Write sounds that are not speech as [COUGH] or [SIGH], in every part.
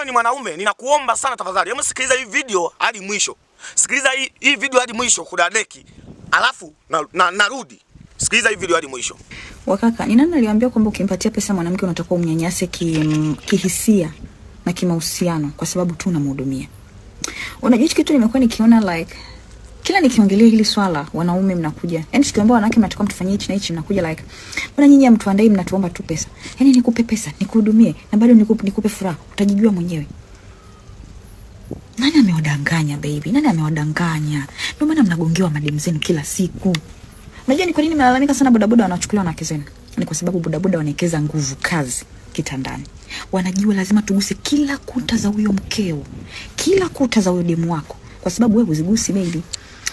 wewe ni mwanaume, ninakuomba sana tafadhali, hebu sikiliza hii video hadi mwisho. Sikiliza hii, hii video hadi mwisho kudadeki. Alafu narudi na, na sikiliza hii video hadi mwisho. Wakaka, ni nani aliwaambia kwamba ukimpatia pesa mwanamke unatakuwa umnyanyase kim, kihisia na kimahusiano kwa sababu tu unamhudumia? Unajua, kitu nimekuwa nikiona like kila nikiongelea hili swala, wanaume mnakuja, yani tukiwaambia wanawake mnatakiwa mtufanyie hichi na hichi, mnakuja like mbona nyinyi hamtuandai, mnatuomba tu pesa. Yani nikupe pesa nikuhudumie na bado nikupe, nikupe furaha, utajijua mwenyewe. Nani amewadanganya baby? Nani amewadanganya? Ndio maana mnagongewa madem zenu kila siku. Unajua ni kwa nini mnalalamika sana bodaboda wanachukuliwa na kizeni? Ni kwa sababu bodaboda wanawekeza nguvu kazi kitandani. Wanajua lazima tuguse kila kuta za huyo mkeo, kila kuta za huyo demu wako, kwa sababu wewe uzigusi baby.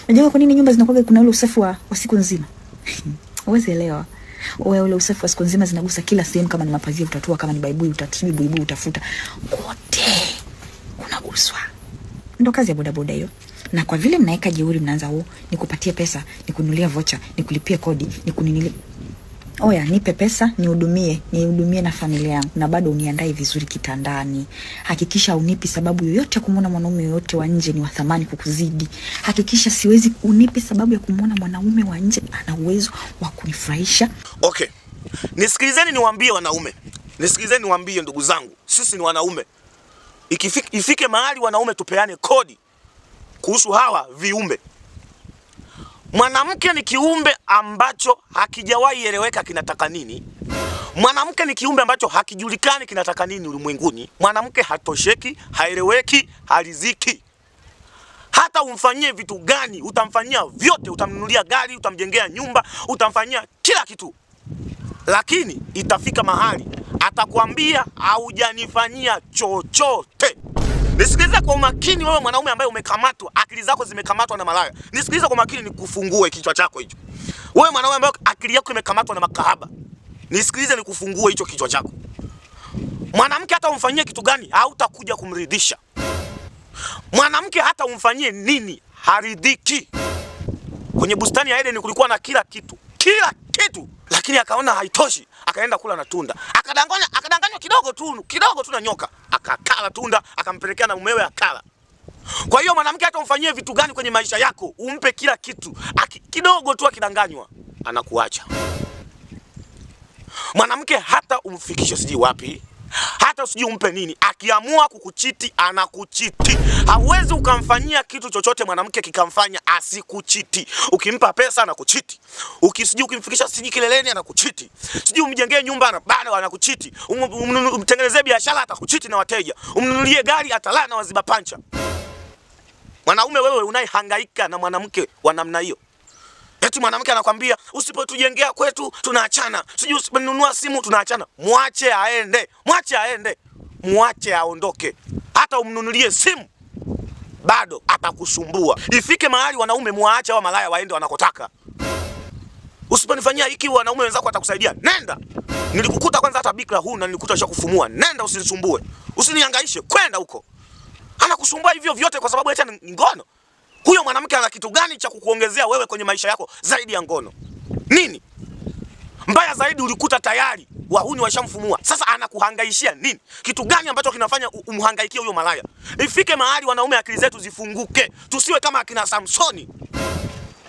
Najua kwa nini nyumba zinakuwa kuna ule usafi wa, wa siku nzima. [LAUGHS] Uwezi elewa. Wewe ule usafi wa siku nzima zinagusa kila sehemu kama ni mapazia utatua, kama ni baibui utatibu, buibui utafuta. Kote kunaguswa ndo Ndio kazi ya bodaboda hiyo. Na kwa vile mnaweka jeuri mnaanza, huu nikupatie pesa, nikunulia vocha, nikulipie kodi, nikuninilia oya, nipe pesa nihudumie, nihudumie na familia yangu, na bado uniandae vizuri kitandani. Hakikisha unipi sababu yoyote ya kumwona mwanaume yoyote wa nje ni wa thamani kukuzidi. Hakikisha siwezi, unipi sababu ya kumwona mwanaume wa nje ana uwezo wa kunifurahisha. Okay, nisikilizeni, niwaambie wanaume, nisikilizeni, niwaambie ndugu zangu, sisi ni wanaume. Ikifike, ifike mahali wanaume tupeane kodi kuhusu hawa viumbe Mwanamke ni kiumbe ambacho hakijawahi eleweka kinataka nini. Mwanamke ni kiumbe ambacho hakijulikani kinataka nini ulimwenguni. Mwanamke hatosheki, haeleweki, hariziki. Hata umfanyie vitu gani, utamfanyia vyote, utamnunulia gari, utamjengea nyumba, utamfanyia kila kitu, lakini itafika mahali atakwambia haujanifanyia chochote. Nisikilize kwa umakini wewe mwanaume ambaye umekamatwa, akili zako zimekamatwa na malaya. Nisikilize kwa makini nikufungue kichwa chako hicho. Wewe mwanaume ambaye akili yako imekamatwa na makahaba. Nisikilize nikufungue hicho kichwa chako. Mwanamke hata umfanyie kitu gani, hautakuja kumridhisha. Mwanamke hata umfanyie nini, haridhiki. Kwenye bustani ya Eden kulikuwa na kila kitu. Kila kitu lakini akaona haitoshi, akaenda kula na tunda, akadanganya akadanganywa kidogo tu kidogo tu na nyoka, akakala tunda, akampelekea na mumewe akala. Kwa hiyo mwanamke, hata umfanyie vitu gani kwenye maisha yako, umpe kila kitu, kidogo tu akidanganywa anakuacha mwanamke. Hata umfikishe sijui wapi hata usijui umpe nini, akiamua kukuchiti anakuchiti. Hauwezi ukamfanyia kitu chochote mwanamke kikamfanya asikuchiti. Ukimpa pesa anakuchiti, ukisijui ukimfikisha sijui kileleni anakuchiti, sijui umjengee nyumba bado anakuchiti, umtengenezee biashara atakuchiti na wateja, umnunulie gari atalaa na waziba pancha. Mwanaume wewe unayehangaika na mwanamke wa namna hiyo Eti mwanamke anakwambia usipotujengea kwetu tunaachana, sijui usiponunua simu tunaachana. Mwache aende, mwache aende, mwache aondoke. Hata umnunulie simu bado atakusumbua. Ifike mahali wanaume muwaache hawa malaya waende wanakotaka. Usiponifanyia hiki, wanaume wenzako watakusaidia. Nenda, nilikukuta kwanza hata bikra huna, nilikuta shakufumua. Nenda, usinisumbue, usinihangaishe, kwenda huko. Anakusumbua hivyo vyote kwa sababu acha ngono. Huyo mwanamke ana kitu gani cha kukuongezea wewe kwenye maisha yako zaidi ya ngono? Nini? Mbaya zaidi ulikuta tayari wahuni washamfumua. Sasa anakuhangaishia nini? Kitu gani ambacho kinafanya umhangaikie huyo malaya? Ifike mahali wanaume akili zetu zifunguke. Tusiwe kama akina Samsoni.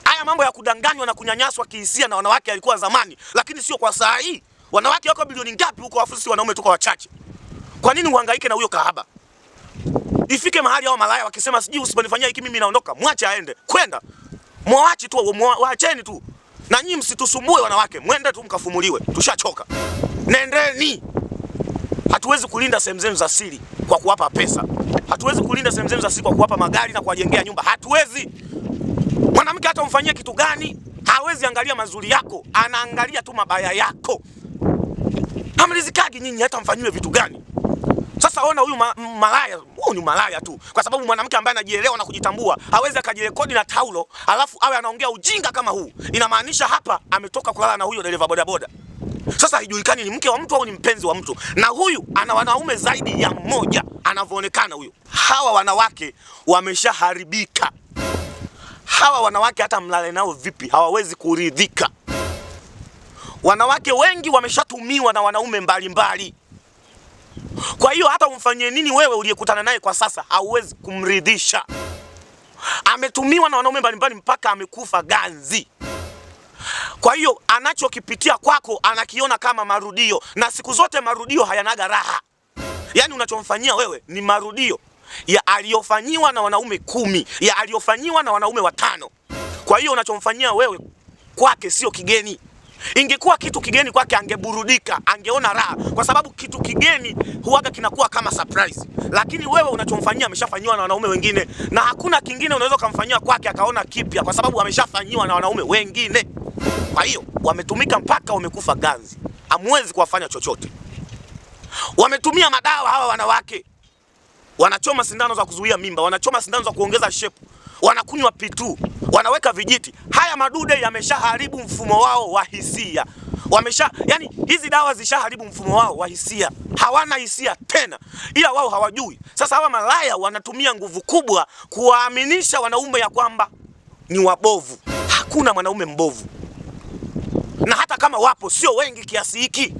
Haya mambo ya kudanganywa na kunyanyaswa kihisia na wanawake yalikuwa zamani, lakini sio kwa saa hii. Wanawake wako bilioni ngapi huko afu sisi wanaume tuko wachache. Kwa nini uhangaike na huyo kahaba? Ifike mahali hao malaya wakisema sijui usiponifanyia hiki mimi naondoka. Mwache aende. Kwenda. Mwawachi tu, waacheni tu. Na nyinyi msitusumbue wanawake. Mwende tu mkafumuliwe. Tushachoka. Nendeni. Hatuwezi kulinda sehemu zenu za siri kwa kuwapa pesa. Hatuwezi kulinda sehemu zenu za siri kwa kuwapa magari na kuwajengea nyumba. Hatuwezi. Mwanamke hata umfanyie kitu gani, hawezi angalia mazuri yako, anaangalia tu mabaya yako. Hamrizikagi nyinyi hata mfanyiwe vitu gani. Sasa ona huyu ma, malaya huyu ni malaya tu, kwa sababu mwanamke ambaye anajielewa na kujitambua hawezi akajirekodi na taulo alafu awe anaongea ujinga kama huu. Inamaanisha hapa ametoka kulala na huyo dereva bodaboda. Sasa haijulikani ni mke wa mtu au ni mpenzi wa mtu, na huyu ana wanaume zaidi ya mmoja anavyoonekana huyu. Hawa wanawake wameshaharibika. Hawa wanawake hata mlale nao vipi, hawawezi kuridhika. Wanawake wengi wameshatumiwa na wanaume mbalimbali mbali. Kwa hiyo hata umfanyie nini wewe uliyekutana naye kwa sasa hauwezi kumridhisha. Ametumiwa na wanaume mbalimbali mpaka amekufa ganzi. Kwa hiyo anachokipitia kwako anakiona kama marudio, na siku zote marudio hayanaga raha. Yaani unachomfanyia wewe ni marudio ya aliyofanyiwa na wanaume kumi, ya aliyofanyiwa na wanaume watano. Kwa hiyo unachomfanyia wewe kwake sio kigeni. Ingekuwa kitu kigeni kwake angeburudika, angeona raha, kwa sababu kitu kigeni huaga kinakuwa kama surprise. Lakini wewe unachomfanyia ameshafanyiwa na wanaume wengine, na hakuna kingine unaweza ukamfanyia kwake akaona kipya, kwa sababu ameshafanyiwa na wanaume wengine. Kwa hiyo wametumika mpaka wamekufa ganzi, amwezi kuwafanya chochote. Wametumia madawa hawa wanawake, wanachoma sindano za kuzuia mimba, wanachoma sindano za kuongeza shepu, wanakunywa pitu wanaweka vijiti. Haya madude yameshaharibu mfumo wao wa hisia, wamesha yani, hizi dawa zishaharibu mfumo wao wa hisia, hawana hisia tena, ila wao hawajui. Sasa hawa malaya wanatumia nguvu kubwa kuwaaminisha wanaume ya kwamba ni wabovu. Hakuna mwanaume mbovu, na hata kama wapo sio wengi kiasi hiki.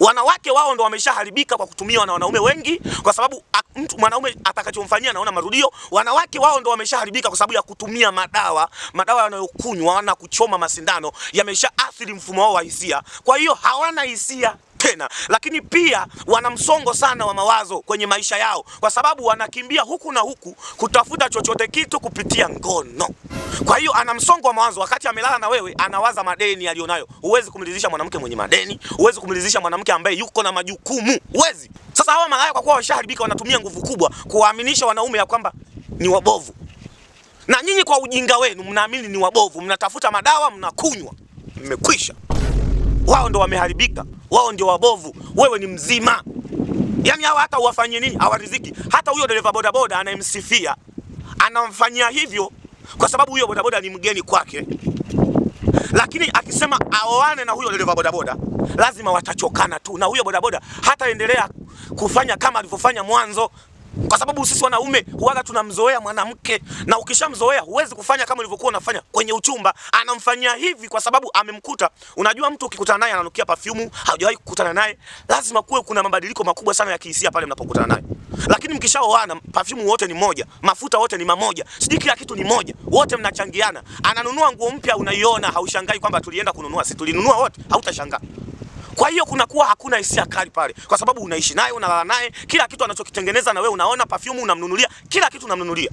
Wanawake wao ndo wameshaharibika kwa kutumiwa na wanaume wengi, kwa sababu mtu mwanaume atakachomfanyia naona marudio. Wanawake wao ndo wameshaharibika kwa sababu ya kutumia madawa, madawa yanayokunywa na kuchoma masindano yameshaathiri mfumo wao wa hisia, kwa hiyo hawana hisia tena, lakini pia wana msongo sana wa mawazo kwenye maisha yao, kwa sababu wanakimbia huku na huku kutafuta chochote kitu kupitia ngono. Kwa hiyo ana msongo wa mawazo, wakati amelala na wewe anawaza madeni aliyonayo. Huwezi kumridhisha mwanamke mwenye madeni, huwezi kumridhisha mwanamke ambaye yuko na majukumu, huwezi. Sasa hawa malaya kwa kuwa washaharibika, wanatumia nguvu kubwa kuwaaminisha wanaume ya kwamba ni wabovu, na nyinyi kwa ujinga wenu mnaamini ni wabovu, mnatafuta madawa, mnakunywa, mmekwisha wao ndio wameharibika, wao ndio wabovu, wewe ni mzima. Yaani hawa hata uwafanyie nini hawariziki. Hata huyo dereva bodaboda anayemsifia anamfanyia hivyo kwa sababu huyo bodaboda ni mgeni kwake, lakini akisema aoane na huyo dereva bodaboda lazima watachokana tu, na huyo bodaboda hataendelea kufanya kama alivyofanya mwanzo kwa sababu sisi wanaume huaga tunamzoea mwanamke, na ukishamzoea huwezi kufanya kama ulivyokuwa unafanya kwenye uchumba. Anamfanyia hivi kwa sababu amemkuta. Unajua, mtu ukikutana naye ananukia perfume, haujawahi kukutana naye, lazima kuwe kuna mabadiliko makubwa sana ya kihisia pale mnapokutana naye. Lakini mkishaoana, perfume wote ni moja, mafuta wote ni mamoja, sijui kila kitu ni moja, wote mnachangiana. Ananunua nguo mpya, unaiona, haushangai kwamba tulienda kununua, si tulinunua wote, hautashangaa. Kwa hiyo kunakuwa hakuna hisia kali pale, kwa sababu unaishi naye, unalala naye, kila kitu anachokitengeneza na wewe unaona, perfume unamnunulia, kila kitu unamnunulia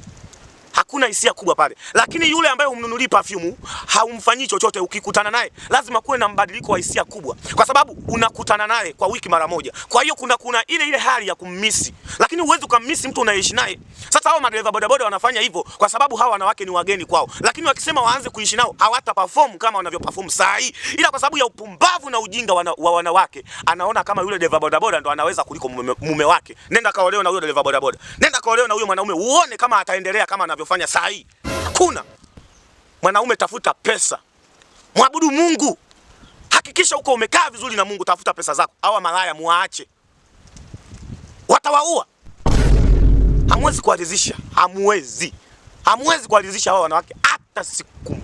hakuna hisia kubwa pale, lakini yule ambaye umnunulii perfume haumfanyii chochote, ukikutana naye lazima kuwe na mbadiliko wa hisia kubwa, kwa sababu unakutana naye kwa wiki mara moja. Kwa hiyo kuna kuna ile ile hali ya kummisi, lakini huwezi ukammisi mtu unayeishi naye. Sasa hao madereva bodaboda wanafanya hivyo kwa sababu hawa wanawake ni wageni kwao, lakini wakisema waanze kuishi nao hawata perform kama wanavyo perform saa hii, ila kwa sababu ya upumbavu na ujinga wana, wa wanawake, anaona kama yule dereva bodaboda ndo anaweza kuliko mume, mume wake. Nenda kaolewe na huyo dereva bodaboda, nenda kaolewe na huyo mwanaume, uone kama ataendelea kama anavyofanya kufanya saa hii? Hakuna. Mwanaume, tafuta pesa, mwabudu Mungu, hakikisha uko umekaa vizuri na Mungu, tafuta pesa zako. Hawa malaya muwaache, watawaua. Hamwezi kuwaridhisha, hamwezi, hamwezi kuwaridhisha hawa wanawake hata siku